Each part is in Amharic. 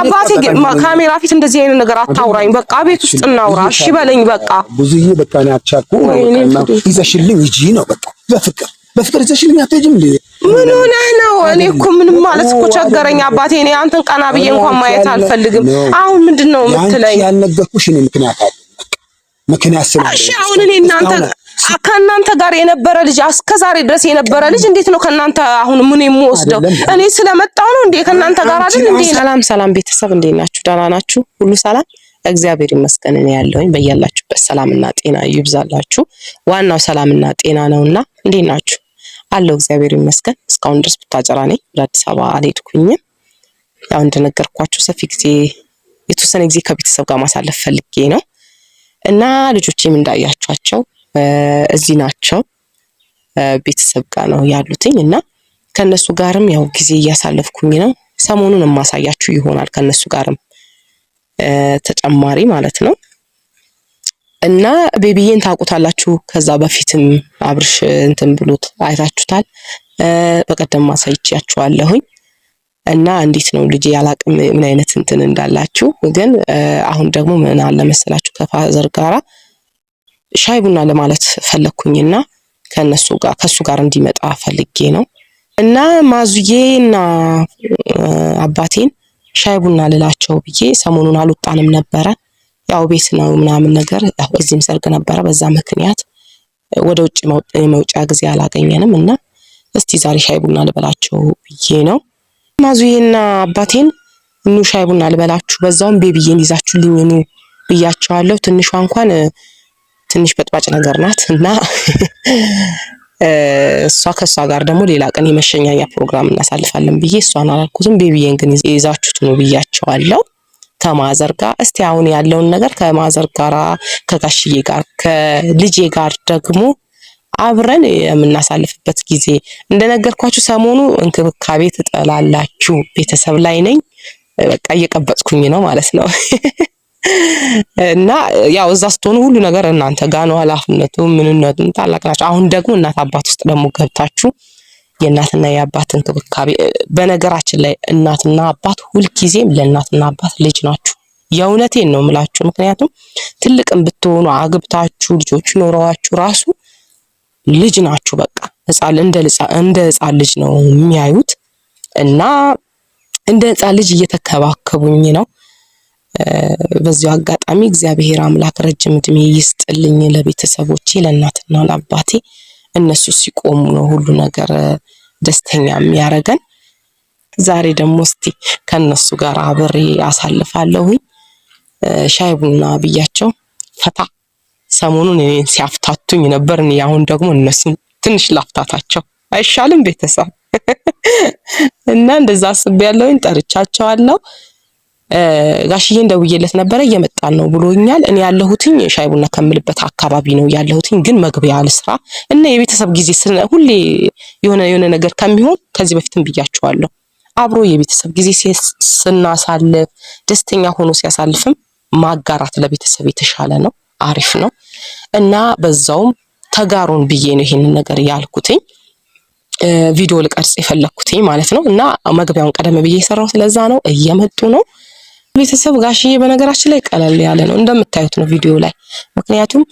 አባቴ ካሜራ ፊት እንደዚህ አይነት ነገር አታውራኝ፣ በቃ ቤት ውስጥ እናውራ እሺ በለኝ። በቃ ብዙዬ በቃ ነው አቻኩ ይዘሽልኝ ሂጂ ነው በቃ በፍቅር በፍቅር ይዘሽልኝ አትሄጂም እንዴ? ምን ሆነህ ነው? እኔ እኮ ምንም ማለት እኮ ቸገረኝ አባቴ። እኔ አንተን ቀና ብዬ እንኳን ማየት አልፈልግም። አሁን ምንድን ነው የምትለኝ? ያልነገርኩሽ እኔ ምክንያት አለ ምክንያት ስለ እሺ፣ አሁን እኔ እናንተ ከእናንተ ጋር የነበረ ልጅ እስከ ዛሬ ድረስ የነበረ ልጅ እንዴት ነው ከእናንተ አሁን ምን የምወስደው እኔ ስለመጣው ነው እንዴ? ከእናንተ ጋር አይደል እንዴ? ሰላም ሰላም፣ ቤተሰብ እንዴት ናችሁ? ደህና ናችሁ? ሁሉ ሰላም እግዚአብሔር ይመስገን። እኔ ያለውኝ በያላችሁበት ሰላምና ጤና ይብዛላችሁ። ዋናው ሰላምና ጤና ነውና እንዴት ናችሁ? አለው እግዚአብሔር ይመስገን። እስካሁን ድረስ ብታጨራ ነኝ። ወደ አዲስ አበባ አልሄድኩኝም። ያው እንደነገርኳችሁ ሰፊ ጊዜ የተወሰነ ጊዜ ከቤተሰብ ጋር ማሳለፍ ፈልጌ ነው እና ልጆቼም እንዳያቸዋቸው እዚህ ናቸው፣ ቤተሰብ ጋር ነው ያሉትኝ እና ከነሱ ጋርም ያው ጊዜ እያሳለፍኩኝ ነው። ሰሞኑን የማሳያችሁ ይሆናል ከነሱ ጋርም ተጨማሪ ማለት ነው። እና ቤቢዬን ታውቁታላችሁ። ከዛ በፊትም አብርሽ እንትን ብሎት አይታችሁታል። በቀደም ማሳይቻችኋለሁኝ። እና እንዴት ነው ልጅ ያላቅም ምን አይነት እንትን እንዳላችሁ ግን አሁን ደግሞ ምን አለ መሰላችሁ ከፋዘር ጋራ ሻይ ቡና ለማለት ፈለግኩኝና ከነሱ ጋር ከሱ ጋር እንዲመጣ ፈልጌ ነው እና ማዙዬና አባቴን ሻይ ቡና ልላቸው ብዬ ሰሞኑን አልወጣንም ነበረ። ያው ቤት ነው ምናምን ነገር ያው እዚህም ሰርግ ነበረ። በዛ ምክንያት ወደ ውጭ መውጫ ጊዜ አላገኘንም እና እስቲ ዛሬ ሻይ ቡና ልበላቸው ብዬ ነው። ማዙዬና አባቴን ኑ ሻይ ቡና ልበላችሁ፣ በዛውም ቤቢዬን ይዛችሁልኝ ኑ ብያቸዋለሁ። ትንሿ እንኳን ትንሽ በጥባጭ ነገር ናት እና እሷ ከእሷ ጋር ደግሞ ሌላ ቀን የመሸኛኛ ፕሮግራም እናሳልፋለን ብዬ እሷን አላልኩትም። ቤቢዬን ግን ይዛችሁት ነው ብያቸዋለሁ። ከማዘር ጋር እስቲ አሁን ያለውን ነገር ከማዘር ጋራ ከጋሽዬ ጋር ከልጄ ጋር ደግሞ አብረን የምናሳልፍበት ጊዜ እንደነገርኳችሁ ሰሞኑ እንክብካቤ ትጠላላችሁ ቤተሰብ ላይ ነኝ በቃ እየቀበጽኩኝ ነው ማለት ነው እና ያው እዛ ስትሆኑ ሁሉ ነገር እናንተ ጋ ነው ሀላፍነቱ ምንነቱም ታላቅ ናቸው አሁን ደግሞ እናት አባት ውስጥ ደግሞ ገብታችሁ የእናትና የአባት እንክብካቤ በነገራችን ላይ እናትና አባት ሁልጊዜም ለእናትና አባት ልጅ ናችሁ የእውነቴን ነው ምላችሁ ምክንያቱም ትልቅም ብትሆኑ አግብታችሁ ልጆች ኖረዋችሁ ራሱ ልጅ ናችሁ። በቃ እንደ ህፃን ልጅ ነው የሚያዩት እና እንደ ህፃን ልጅ እየተከባከቡኝ ነው። በዚሁ አጋጣሚ እግዚአብሔር አምላክ ረጅም እድሜ ይስጥልኝ ለቤተሰቦቼ፣ ለእናትና ለአባቴ። እነሱ ሲቆሙ ነው ሁሉ ነገር ደስተኛ የሚያደርገን። ዛሬ ደግሞ እስቲ ከነሱ ጋር አብሬ አሳልፋለሁኝ። ሻይ ቡና ብያቸው ፈታ ሰሞኑን እኔን ሲያፍታቱኝ ነበር። እኔ አሁን ደግሞ እነሱን ትንሽ ላፍታታቸው አይሻልም? ቤተሰብ እና እንደዛ አስቤ ያለውኝ ጠርቻቸዋለሁ። ጋሽዬ እንደውዬለት ነበረ እየመጣን ነው ብሎኛል። እኔ ያለሁትኝ ሻይ ቡና ከምልበት አካባቢ ነው ያለሁትኝ፣ ግን መግቢያ ልስራ እና የቤተሰብ ጊዜ ሁሌ የሆነ የሆነ ነገር ከሚሆን ከዚህ በፊትም ብያቸዋለሁ አብሮ የቤተሰብ ጊዜ ስናሳልፍ ደስተኛ ሆኖ ሲያሳልፍም ማጋራት ለቤተሰብ የተሻለ ነው። አሪፍ ነው እና በዛውም ተጋሩን ብዬ ነው ይሄንን ነገር ያልኩትኝ ቪዲዮ ልቀርጽ የፈለግኩትኝ ማለት ነው። እና መግቢያውን ቀደም ብዬ የሰራው ስለዛ ነው። እየመጡ ነው ቤተሰብ። ጋሽዬ በነገራችን ላይ ቀለል ያለ ነው እንደምታዩት ነው ቪዲዮ ላይ። ምክንያቱም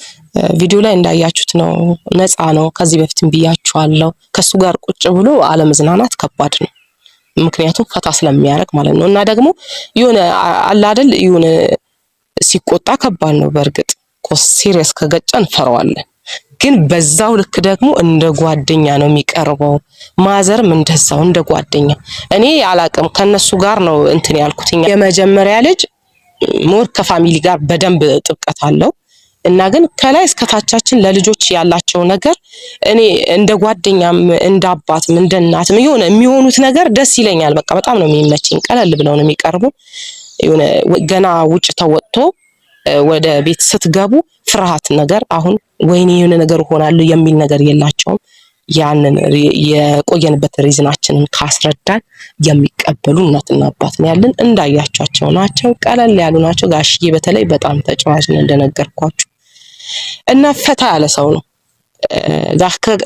ቪዲዮ ላይ እንዳያችሁት ነው ነፃ ነው። ከዚህ በፊትም ብያችኋለሁ። ከሱ ጋር ቁጭ ብሎ አለመዝናናት ከባድ ነው። ምክንያቱም ፈታ ስለሚያደርግ ማለት ነው። እና ደግሞ የሆነ አላደል የሆነ ሲቆጣ ከባድ ነው በእርግጥ ሲሪየስ ከገጫ እንፈረዋለን። ግን በዛው ልክ ደግሞ እንደ ጓደኛ ነው የሚቀርበው። ማዘርም እንደዛው እንደ ጓደኛ። እኔ አላቅም ከነሱ ጋር ነው እንትን ያልኩትኛ። የመጀመሪያ ልጅ ሞር ከፋሚሊ ጋር በደንብ ጥብቀት አለው እና ግን ከላይ እስከታቻችን ለልጆች ያላቸው ነገር እኔ እንደ ጓደኛም እንደ አባትም እንደ እናትም የሆነ የሚሆኑት ነገር ደስ ይለኛል። በቃ በጣም ነው የሚመቸኝ። ቀለል ብለው ነው የሚቀርቡ። የሆነ ገና ውጭ ተወጥቶ ወደ ቤት ስትገቡ ፍርሃት ነገር አሁን ወይኔ የሆነ ነገር እሆናለሁ የሚል ነገር የላቸውም። ያንን የቆየንበት ሪዝናችንን ካስረዳን የሚቀበሉ እናትና አባት ነው ያለን። እንዳያቸቸው ናቸው፣ ቀለል ያሉ ናቸው። ጋሽዬ በተለይ በጣም ተጫዋች ነው እንደነገርኳችሁ እና ፈታ ያለ ሰው ነው።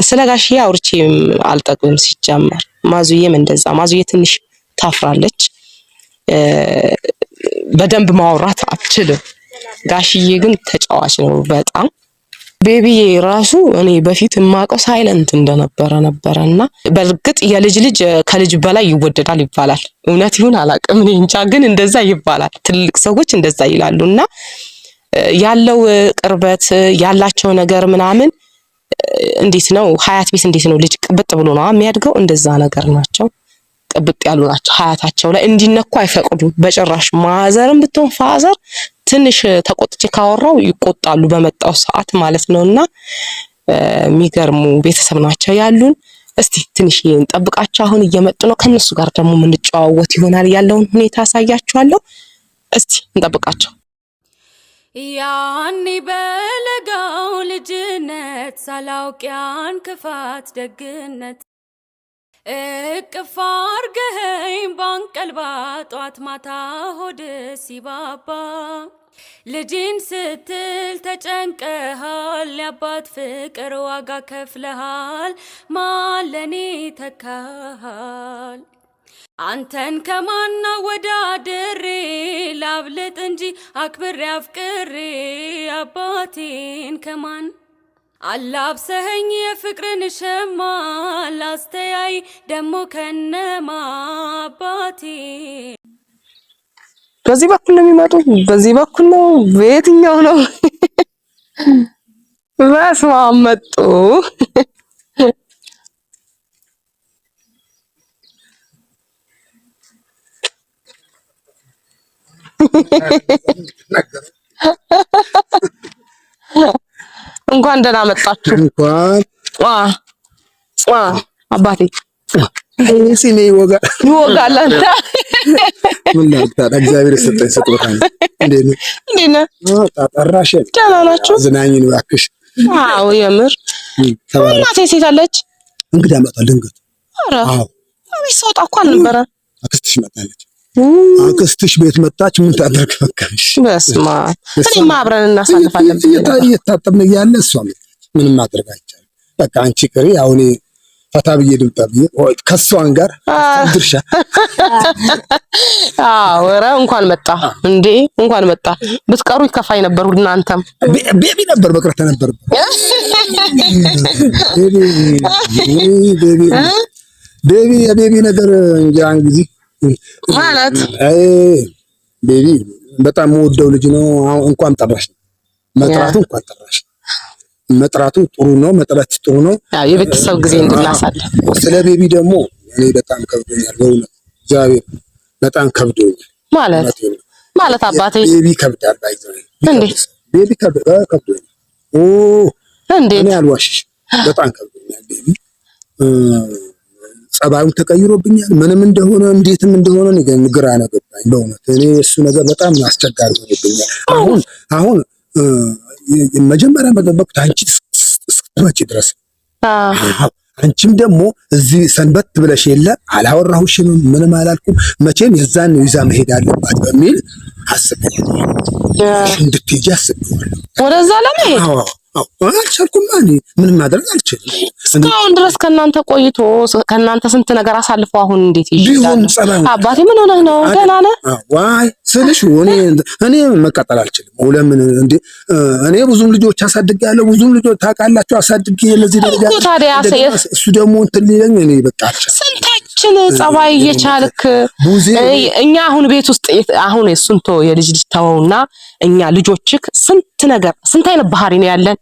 ስለ ጋሽዬ አውርቼ አልጠቅምም። ሲጀመር ማዙዬም እንደዛ። ማዙዬ ትንሽ ታፍራለች፣ በደንብ ማውራት አትችልም። ጋሽዬ ግን ተጫዋች ነው በጣም ቤቢዬ ራሱ እኔ በፊት የማውቀው ሳይለንት እንደነበረ ነበረ እና በእርግጥ የልጅ ልጅ ከልጅ በላይ ይወደዳል ይባላል። እውነት ይሁን አላውቅም፣ እኔ እንጃ፣ ግን እንደዛ ይባላል። ትልቅ ሰዎች እንደዛ ይላሉ። እና ያለው ቅርበት ያላቸው ነገር ምናምን እንዴት ነው ሀያት ቤት እንዴት ነው ልጅ ቅብጥ ብሎ ነው የሚያድገው? እንደዛ ነገር ናቸው። ቅብጥ ያሉ ናቸው። ሀያታቸው ላይ እንዲነኩ አይፈቅዱም በጭራሽ። ማዘርም ብትሆን ፋዘር ትንሽ ተቆጥቼ ካወራው ይቆጣሉ በመጣው ሰዓት ማለት ነው። እና የሚገርሙ ቤተሰብ ናቸው ያሉን። እስቲ ትንሽ እንጠብቃቸው። አሁን እየመጡ ነው። ከነሱ ጋር ደግሞ የምንጨዋወት ይሆናል። ያለውን ሁኔታ አሳያችኋለሁ። እስቲ እንጠብቃቸው። ያኔ በለጋው ልጅነት ሳላውቅ ያን ክፋት ደግነት እቅፍ አርገኸኝ ባንቀልባ ጧት ማታ ሆድ ሲባባ ልጅን ስትል ተጨንቀሃል፣ ያባት ፍቅር ዋጋ ከፍለሃል፣ ማለኔ ተካሃል። አንተን ከማና ወዳድሬ ላብልጥ እንጂ አክብሬ አፍቅሬ አባቴን ከማን አላብሰኸኝ የፍቅርን ሸማ ላስተያይ ደሞ ከነማ አባቴ በዚህ በኩል ነው የሚመጡ፣ በዚህ በኩል ነው። በየትኛው ነው? በስመ መጡ። እንኳን ደህና መጣችሁ። እንኳን ጧ ጧ አባቴ ሲኔ ይወጋል ይወጋል። አንተ ምን ላድርግ? እግዚአብሔር የሰጠኝ ስጦታ ነው። እንዴት ነህ? እንዴት ነህ? ጠራሽ? ደህና ናችሁ? ዝናኝን እባክሽ። አዎ የምር እናቴ ሴት አለች። እንግዳ መጣ ድንገት። ኧረ አቤት ሰውጣ እኮ አልነበረ። አክስትሽ መጣለች አክስትሽ ቤት መጣች። ምን ታደርግ ፈቀሽ? በስማ እኔማ አብረን እናሳልፋለን። እየታጠብን እያለ እሷ ምንም ማድረግ አይቻልም። በቃ አንቺ ቅሪ አሁን ፈታ ብዬ ድምጣ ብዬ ከሷን ጋር ድርሻ አዎ፣ ኧረ እንኳን መጣ እንዴ! እንኳን መጣ። ብትቀሩ ይከፋኝ ነበር። እናንተም ቤቢ ነበር መቅረት ነበር። ቤቢ ቤቢ ቤቢ የቤቢ ነገር እንጃ እንግዲህ ማለት ቤቢ በጣም መወደው ልጅ ነው። አሁን እንኳን ጠራሽ መጥራቱ እንኳን ጠራሽ መጥራቱ ጥሩ ነው። መጥራት ጥሩ ነው። አዎ የቤተሰብ ጊዜ እንድናሳለ ስለ ቤቢ ደግሞ እኔ በጣም ከብዶኛል። በእውነት እግዚአብሔር በጣም ከብዶኛል ማለት ማለት አባቴ ቤቢ ከብዳል። ባይዘው እንዴ ቤቢ ከብዶኛል። ኦ እንዴ እኔ አልዋሽሽ በጣም ከብዶኛል ቤቢ ጸባዩም ተቀይሮብኛል። ምንም እንደሆነ እንዴትም እንደሆነ ግራ ነው ገባኝ። በእውነት እኔ እሱ ነገር በጣም አስቸጋሪ ሆኖብኛል። አሁን አሁን መጀመሪያ መጠበቅኩት አንቺ እስክትመጪ ድረስ አንቺም ደግሞ እዚህ ሰንበት ብለሽ የለ አላወራሁሽም፣ ምንም አላልኩም፣ መቼም የዛን ይዛ መሄድ አለባት በሚል አስቤ እንድትሄጂ አስቤዋለሁ ወደዛ ለመሄድ አልቻልኩም። እኔ ምንም ማድረግ አልችልም። እስካሁን ድረስ ከእናንተ ቆይቶ ከእናንተ ስንት ነገር አሳልፎ አሁን እንዴት ይሻላል? አባቴ ምን ሆነህ ነው? ደህና ነህ? ዋይ ስልሽ እኔ መቀጠል አልችልም። ለምን እንዴ? እኔ ብዙም ልጆች አሳድግ ያለው ብዙም ልጆች ታውቃላችሁ አሳድግ ለዚህ ደረጃ እሱ ደግሞ እንትን ሊለኝ እኔ በቃ አልችልም። ስንታችን ጸባይ እየቻልክ እኛ አሁን ቤት ውስጥ አሁን ስንቶ የልጅ ልጅ ተወውና እኛ ልጆችክ ስንት ነገር ስንት አይነት ባህሪ ነው ያለን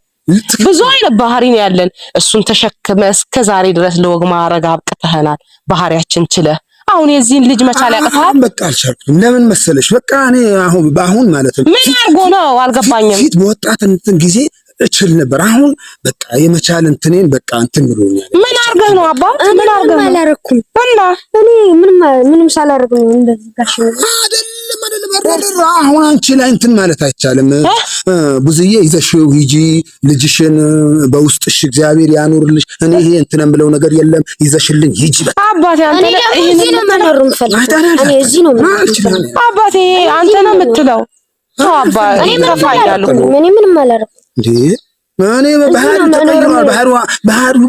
ብዙ አይነት ባህሪ ነው ያለን። እሱን ተሸክመ እስከ ዛሬ ድረስ ለወግ ማዕረግ አብቅተህናል። ባህሪያችን ችለህ አሁን የዚህን ልጅ መቻል ያቅታል። በቃ አልቻልኩም። ለምን መሰለሽ በቃ እኔ አሁን በአሁን ማለት ነው ምን አርጎ ነው አልገባኝም። ፊት በወጣት እንትን ጊዜ እችል ነበር። አሁን በቃ የመቻል እንትኔን በቃ እንትን ብሎኛል። ምን አድርገህ ነው አባ? ምን አድርገህ ነው? አላረኩም እና እኔ ምንም ምንም ሳላረግ ነው እንደዚህ ጋሽ አይደለም አሁን አንቺ ላይ እንትን ማለት አይቻልም። ብዙዬ ይዘሽው ሂጂ ልጅሽን በውስጥሽ እግዚአብሔር ያኖርልሽ። እኔ ይሄ እንትን ብለው ነገር የለም ይዘሽልኝ ሂጂ አባቴ። አንተ ነው የምትለው አባ። እኔ ምንም አላደረኩም። እኔ ባህሪ ተቀይሯል። ባህሪ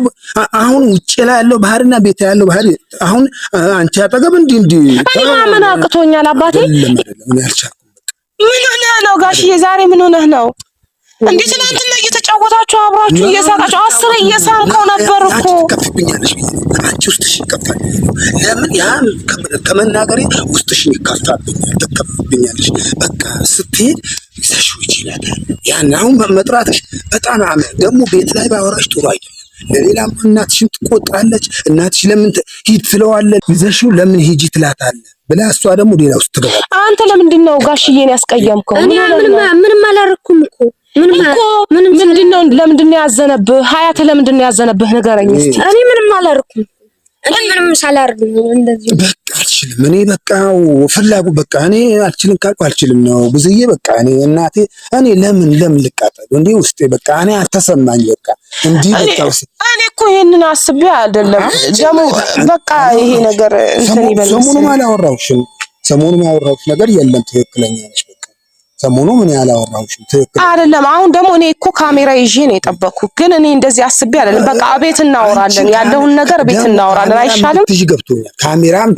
አሁን ውጭ ላይ ያለው ባህሪና ቤት ያለው ባህሪ አሁን አንቺ አጠገብ እንዲህ እንዲህ እኔ ማመን አቅቶኛል። አባቴ ምን ሆነህ ነው ጋሽዬ? ዛሬ ምን ሆነህ ነው? እንዴ ትናንትና እየተጫወታችሁ አብራችሁ እየሳቃችሁ አስር እየሳንከው ነበር እኮ። ትከፍብኛለሽ አንቺ ውስጥሽ ይከፋል። ለምን ያ ከመናገሬ ውስጥሽን ይከፋብኛል፣ ትከፍብኛለሽ። በቃ ስትሄድ ይዘሽ ይችላል። ያን አሁን መጥራትሽ በጣም አመ ደግሞ ቤት ላይ ባወራሽ ጥሩ አይደለም። ለሌላም እናትሽን ትቆጣለች። እናትሽ ለምን ሂድ ትለዋለች፣ ይዘሽው ለምን ሂጂ ትላታለች ብላ እሷ ደግሞ ሌላ ውስጥ ትገባለች። አንተ ለምንድን ነው ጋሽዬን ያስቀየምከው? እኔ ምንም አላደረኩም እኮ እኮ ምንድነው? ለምንድን ያዘነብህ? ሀያት ለምንድን ያዘነብህ? ንገረኝ እስኪ። እኔ ምንም አላደርኩም። እኔ ምንም ሳላደርግ እንደዚህ በቃ አልችልም። እኔ በቃ ፍላጉ በቃ እኔ አልችልም ካልኩ አልችልም ነው ብዙዬ። በቃ እኔ እናቴ እኔ ለምን ለምን ልቃጠል እንዴ? ውስጤ በቃ እኔ አልተሰማኝ በቃ እንዲህ በቃ እኔ እኮ ይሄንን አስቤ አይደለም ደግሞ በቃ ይሄ ነገር እንትን ይበልስ ሰሞኑን አላወራሁሽም። ሰሞኑን ያወራሁሽ ነገር የለም። ትክክለኛ ነሽ። ሰሞኑ ምን ያህል አወራሁሽ? ትክክል አይደለም። አሁን ደግሞ እኔ እኮ ካሜራ ይዤ ነው የጠበኩ፣ ግን እኔ እንደዚህ አስቤ አይደለም። በቃ ቤት እናወራለን፣ ያለውን ነገር ቤት እናወራለን። አይሻልም? ትጂ ገብቶኛል፣ ካሜራም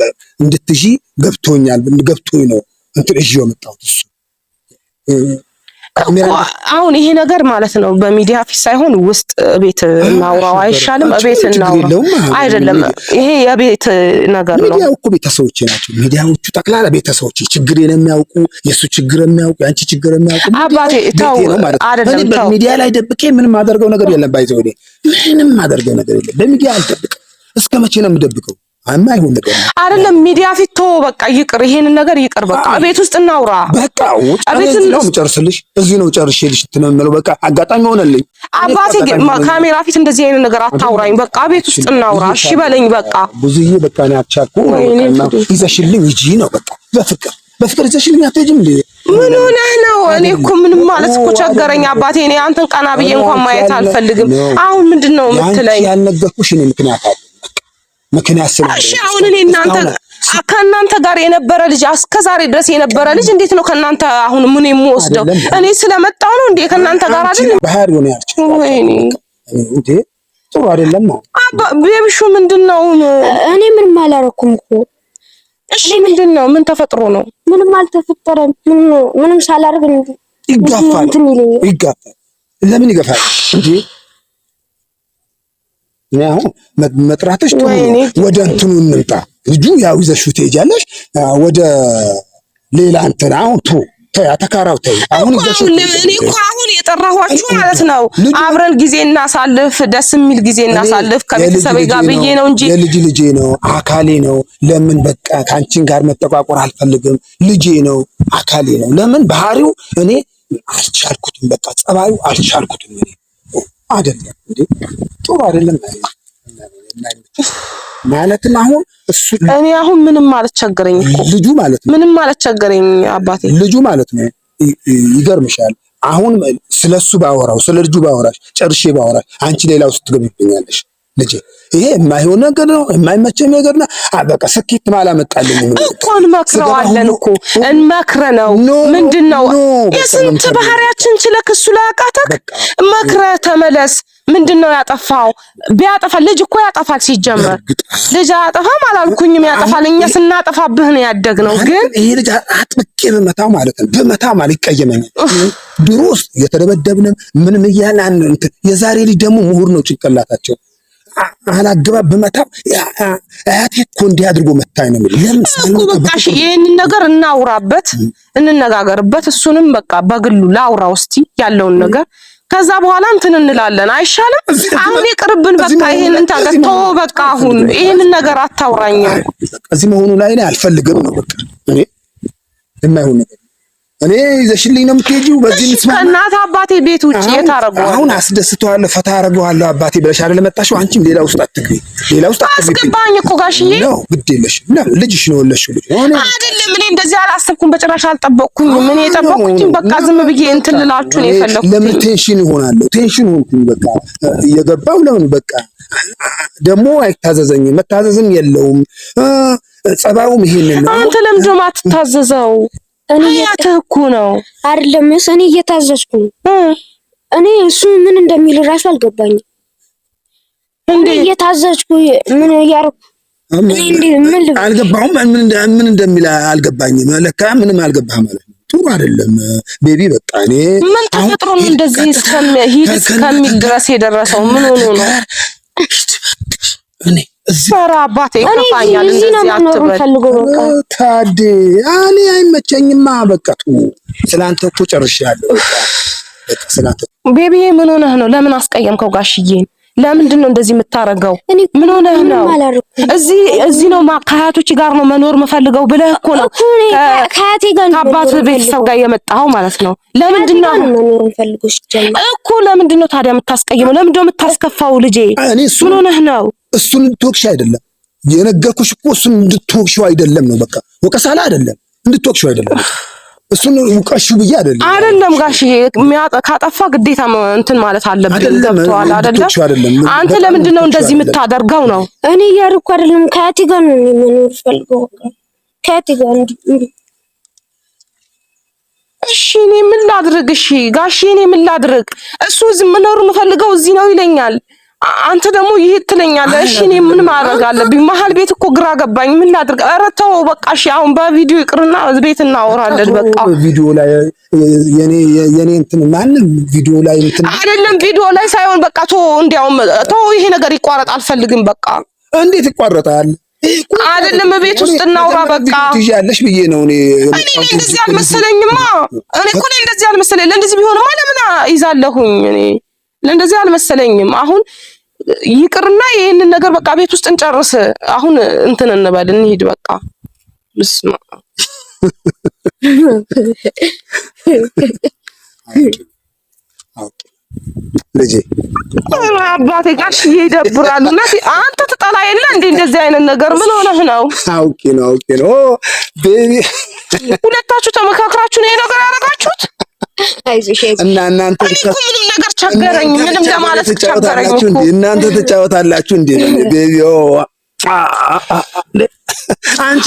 እንድትጂ ገብቶኛል። ገብቶኝ ነው እንትን እሺ የመጣሁት እሱ አሁን ይሄ ነገር ማለት ነው በሚዲያ ፊት ሳይሆን ውስጥ ቤት እናውራው አይሻልም? ቤት እናውራው አይደለም። ይሄ የቤት ነገር ነው። ሚዲያው እኮ ቤተሰቦቼ ናቸው። ሚዲያዎቹ ጠቅላላ ቤተሰቦቼ፣ ችግር የሚያውቁ የእሱ ችግር የሚያውቁ የአንቺ ችግር የሚያውቁ አባቴ፣ ተው አይደለም። በሚዲያ ላይ ደብቄ ምንም አደርገው ነገር የለም። ባይዘው ምንም አደርገው ነገር የለም። በሚዲያ አልደብቅም። እስከ መቼ ነው የምደብቀው? አማይሆን ነገር አይደለም። ሚዲያ ፊት ቶ በቃ ይቅር፣ ይሄንን ነገር ይቅር። በቃ ቤት ውስጥ እናውራ። በቃ ቤት ነው ጨርስልሽ፣ እዚህ ነው ጨርሼልሽ ትነመለው። በቃ አጋጣሚ ሆነልኝ። አባቴ ካሜራ ፊት እንደዚህ አይነት ነገር አታውራኝ። በቃ ቤት ውስጥ እናውራ፣ እሺ በለኝ። በቃ ብዙዬ፣ በቃ ነው አቻኩ ይዘሽልኝ እጂ ነው በቃ በፍቅር በፍቅር ይዘሽልኝ አትሄጂም ምን ሆነህ ነው? እኔ እኮ ምንም ማለት እኮ ቸገረኝ አባቴ። እኔ አንተን ቀና ብዬ እንኳን ማየት አልፈልግም። አሁን ምንድን ነው የምትለኝ? ያልነገርኩሽ እኔ ምክንያት አለ ምክንያት ስለ እሺ፣ አሁን እኔ እናንተ ከእናንተ ጋር የነበረ ልጅ እስከ ዛሬ ድረስ የነበረ ልጅ እንዴት ነው ከእናንተ አሁን ምን የምወስደው እኔ ስለመጣሁ ነው እንዴ? ከእናንተ ጋር አይደል ባህር ነው ያልኩት። ወይኔ ጥሩ አይደለም። አባ ቤቢሹ ምንድነው? እኔ ምንም አላረኩም እኮ። እሺ ምንድነው? ምን ተፈጥሮ ነው? ምንም አልተፈጠረም። ምንም ሳላርግ ይጋፋል። ለምን ይገፋል እንዴ? እኔ አሁን መጥራትሽ ጥሩ ነው። ወደ እንትኑ እንምጣ። ልጁ ያው ይዘሽው ትሄጃለሽ ወደ ሌላ እንትን አሁን ቱ ተካራው ተይ። አሁን እኔ እኮ አሁን የጠራኋችሁ ማለት ነው አብረን ጊዜ እናሳልፍ፣ ደስ የሚል ጊዜ እናሳልፍ ከቤተሰብ ጋር ብዬ ነው እንጂ የልጅ ልጄ ነው አካሌ ነው። ለምን በቃ ከአንቺን ጋር መጠቋቆር አልፈልግም። ልጄ ነው አካሌ ነው። ለምን ባህሪው እኔ አልቻልኩትም። በቃ ጸባዩ አልቻልኩትም እኔ አይደለም እንዴ? ጥሩ አይደለም ማለትም አሁን እሱ እኔ አሁን ምንም አልቸገረኝ እኮ ልጁ ማለት ነው። ምንም አልቸገረኝ አባቴ ልጁ ማለት ነው። ይገርምሻል አሁን ስለሱ ባወራው ስለ ልጁ ባወራሽ ጨርሼ ባወራሽ አንቺ ሌላው ስትገቢብኛለሽ። ልጅ ይሄ የማይሆን ነገር ነው፣ የማይመቸኝ ነገር ነው። በቃ ስኬት ማላመጣልኝ እኮ እንመክረዋለን እኮ እንመክረነው ምንድን ነው የስንት ባህሪያችን ችለክ እሱ ላይ አቃተክ መክረህ ተመለስ። ምንድን ነው ያጠፋው? ቢያጠፋ ልጅ እኮ ያጠፋል። ሲጀመር ልጅ አያጠፋም አላልኩኝም፣ ያጠፋል። እኛ ስናጠፋብህ ነው ያደግነው። ግን ይሄ ልጅ አጥብቄ ብመታው ማለት ነው ብመታው ማለት ይቀየመኛል። ድሮስ የተደበደብንም ምንም እያለ የዛሬ ልጅ ደግሞ ምሁር ነው ጭንቅላታቸው አላግባብ ብመታው አያቴ እኮ እንዲህ አድርጎ መታኝ ነው የሚል። ይህንን ነገር እናውራበት፣ እንነጋገርበት። እሱንም በቃ በግሉ ላውራ ውስቲ ያለውን ነገር ከዛ በኋላ እንትን እንላለን። አይሻልም? አሁን ይቅርብን፣ በቃ ይሄንን ታገቶ በቃ አሁን ይሄንን ነገር አታውራኝ። እዚህ መሆኑ ላይ አልፈልግም ነው በቃ እኔ የማይሆን ነገር እኔ ይዘሽልኝ ነው የምትሄጂው። በዚህ ምስማ እናት አባቴ ቤት ውጭ የታረገው አሁን አስደስተዋለሁ፣ ፈታ አረገዋለሁ አባቴ ብለሽ አይደል መጣሽው። አንቺም ሌላ ውስጥ አትግቢ፣ ሌላ ውስጥ አትግቢ። አስገባኝ እኮ ጋሽዬ ነው ግድ የለሽ ነው ልጅሽ ነው ለሽ ልጅ አይደለም። እኔ እንደዚህ አላሰብኩም፣ በጭራሽ አልጠበቅኩኝ። እኔ የጠበቅኩኝ በቃ ዝም ብዬ እንትን ልላችሁ ነው የፈለኩት። ለምን ቴንሽን እሆናለሁ? ቴንሽን ሆንኩኝ በቃ እየገባው ለምን በቃ ደግሞ አይታዘዘኝም፣ መታዘዝም የለውም ጸባውም ይሄንን ነው። አንተ ለምንድን ነው የማትታዘዘው? እኔ እኮ ነው አይደለም እኔ እየታዘዝኩ እኔ እሱ ምን እንደሚል እራሱ አልገባኝም። እንዴ እየታዘዝኩ ምን እያደረኩ አልገባሁም። ምን እንደሚል አልገባኝም። ለካ ምንም አልገባህም ማለት ነው። ጥሩ አይደለም ቤቢ። በቃ እኔ ምን ተፈጥሮ ነው እንደዚህ እስከሚል ድረስ የደረሰው ምን ሆኖ ነው? ኧረ አባቴ ታዴ። እኔ አይመቸኝማ። በቃ ተው፣ ስለአንተ እኮ ጨርሻለሁ። ቤቢዬ ምን ሆነህ ነው? ለምን አስቀየምከው ጋሽዬን? ለምንድን ነው እንደዚህ የምታረገው? ምን ሆነህ ነው? እዚህ እዚህ ነው ከአያቶች ጋር ነው መኖር የምፈልገው ብለህ እኮ ነው ከአባት ቤተሰብ ጋር የመጣኸው ማለት ነው። ለምንድን ነው እኮ ለምንድን ነው ታዲያ የምታስቀይመው? ለምንድን ነው የምታስከፋው? ልጄ ምን ሆነህ ነው? እሱን እንድትወቅሽ አይደለም የነገርኩሽ እኮ እሱን እንድትወቅሽው አይደለም ነው። በቃ ወቀሳላ አይደለም እንድትወቅሽው አይደለም እሱን ውቀሽው ብዬ አይደለም አይደለም ጋሽዬ ካጠፋ ግዴታ እንትን ማለት አለብን። አይደለም? አንተ ለምንድን ነው እንደዚህ የምታደርገው ነው? እኔ እያደረኩ አይደለም። ከያቲ ጋር ነው መኖር ፈልገው ከአያቴ ጋር እሺ እኔ ምን ላድርግ? እሺ ጋሽዬ እኔ ምን ላድርግ? እሱ መኖር የምፈልገው እዚህ ነው ይለኛል። አንተ ደግሞ ይህ ትለኛለ። እሺ እኔ ምን ማድረግ አለብኝ? መሀል ቤት እኮ ግራ ገባኝ። ምን ላድርግ? ኧረ ተው በቃ። እሺ አሁን በቪዲዮ ይቅርና ቤት እናወራለን። በቃ ቪዲዮ ላይ የኔ የኔ እንትን ማን ቪዲዮ ላይ እንትን አይደለም። ቪዲዮ ላይ ሳይሆን በቃ ተው፣ እንዲያውም ተው። ይሄ ነገር ይቋረጥ አልፈልግም። በቃ እንዴት ይቋረጣል? አይደለም ቤት ውስጥ እናውራ። በቃ ትያለሽ ብዬ ነው እኔ እኔ እንደዚህ አልመሰለኝማ። እኔ እኮ እንደዚህ አልመሰለኝ። ለእንደዚህ ቢሆንማ ለምን ይዛለሁኝ እኔ ለእንደዚህ አልመሰለኝም። አሁን ይቅርና ይህንን ነገር በቃ ቤት ውስጥ እንጨርስ። አሁን እንትን እንበል እንሂድ በቃ ብስማ ልጄ አባቴ ጋሽ ይደብራል። አንተ ትጠላ የለ እንዴ? እንደዚህ አይነት ነገር ምን ሆነህ ነው? አውቄ ነው አውቄ ነው ሁለታችሁ ተመካክራችሁ ነው ይሄ ነገር ያደረጋችሁት? እና እናንተ ነገር ቸገረኝ፣ ምንም ለማለት ቸገረኝ። እናንተ ትጫወታላችሁ እንዴ? አንቺ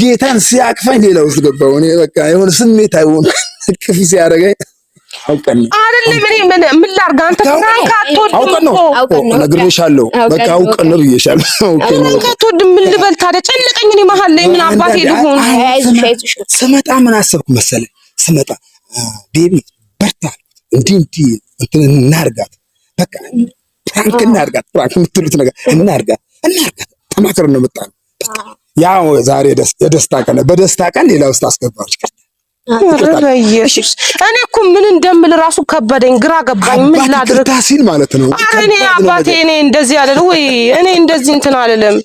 ጌታን ሲያቅፈኝ ሌላ ውስጥ ገባሁ እኔ። በቃ የሆነ ስሜት አይሆን እቅፍ ሲያደርገኝ ምን ምን አንተ በቃ ነው ምን ላይ ምን አባቴ ስመጣ ምን አሰብኩ መሰለህ? ስመጣ ቤቢ በርታ እንዲህ እንዲህ እናርጋት፣ በቃ ፕራንክ እናርጋት፣ ፕራንክ የምትሉት ነገር እናርጋት፣ እናርጋት ተማክረን ነው ያው ዛሬ የደስታ ቀን፣ በደስታ ቀን ሌላ ውስጥ አስገባች። እኔ እኮ ምን እንደምል ራሱ ከበደኝ፣ ግራ ገባኝ። ምን ላድርግ ሲል ማለት ነው። ኧረ እኔ አባቴ እኔ እንደዚህ አለ ወይ እኔ እንደዚህ እንትን አልልም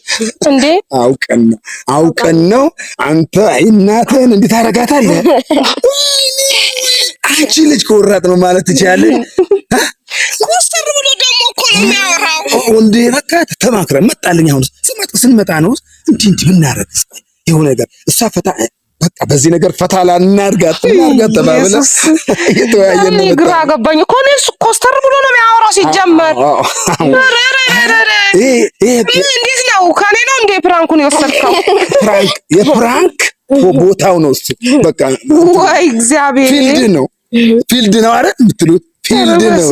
እንዴ። አውቀን ነው አውቀን ነው። አንተ እናትህን እንዴት አደርጋታለህ? አንቺ ልጅ ከወራጥ ነው ማለት ትችላለህ። ኮስተር ብሎ ደግሞ እኮ ነው የሚያወራው እንዴ። በቃ ተማክረን መጣልኝ። አሁን ስንመጣ ነው እንዴ እንዴ ብናረግ የሆነ ነገር እሷ ፈታ በቃ በዚህ ነገር ፈታ ላናርጋት እናርጋት ተባብለ እየተወያየን ነው። ግራ ገባኝ እኮ እኔ። እሱ ኮስተር ብሎ ነው የሚያወራው ሲጀመር። እንዴት ነው ከኔ ነው እንዴ ፕራንኩን የወሰድከው? ፕራንክ የፕራንክ ቦታው ነው እሱ። በቃ ወይ እግዚአብሔር፣ ፊልድ ነው ፊልድ ነው አይደል የምትሉት? ፊልድ ነው።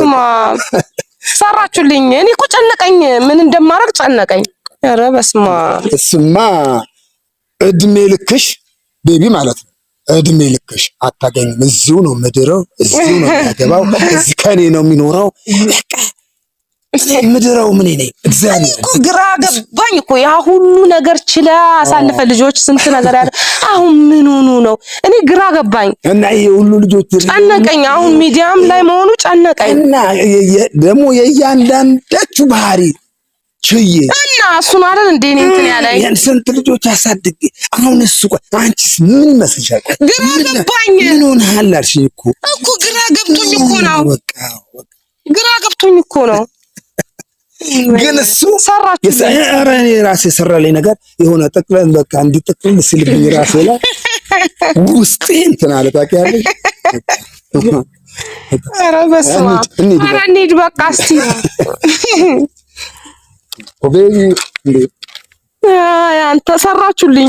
ሰራችሁልኝ። እኔ እኮ ጨነቀኝ፣ ምን እንደማደርግ ጨነቀኝ። ኧረ በስመ አብ። እሱማ እድሜ ልክሽ ቤቢ ማለት ነው። እድሜ ልክሽ አታገኝም። እዚሁ ነው ምድረው፣ እዚሁ ነው የሚያገባው፣ እዚ ከኔ ነው የሚኖረው። ምድረው ምን ነ እግዚአብሔር ግራ ገባኝ እኮ ያ ሁሉ ነገር ችላ አሳልፈ ልጆች ስንት ነገር ያለ አሁን ምን ሆኑ ነው? እኔ ግራ ገባኝ እና ይሄ ሁሉ ልጆች ጨነቀኝ። አሁን ሚዲያም ላይ መሆኑ ጨነቀኝ እና ደግሞ የእያንዳንዳችሁ ባህሪ ሽዬ እና እሱን አይደል እንደ እኔ እንትን ያለኝ ያን ስንት ልጆች አሳድጌ አሁን እሱ ቆይ አንቺስ ምን መስልሻል? ግራ ገባኝ። ምን ሆነሃል አልሽኝ እኮ እኮ ግራ ገብቶኝ እኮ ነው። በቃ ግራ ገብቶኝ እኮ ነው። ግን እሱ ኧረ እኔ ራሴ ሰራልኝ ነገር የሆነ ጥቅለን በቃ እንዲጥቅል ሲልብኝ ራሴ ላይ ውስጤ እንትን አለ ታውቂያለሽ። ኧረ በስመ አብ ኧረ እንሂድ በቃ እስኪ ተሰራችሁልኝ።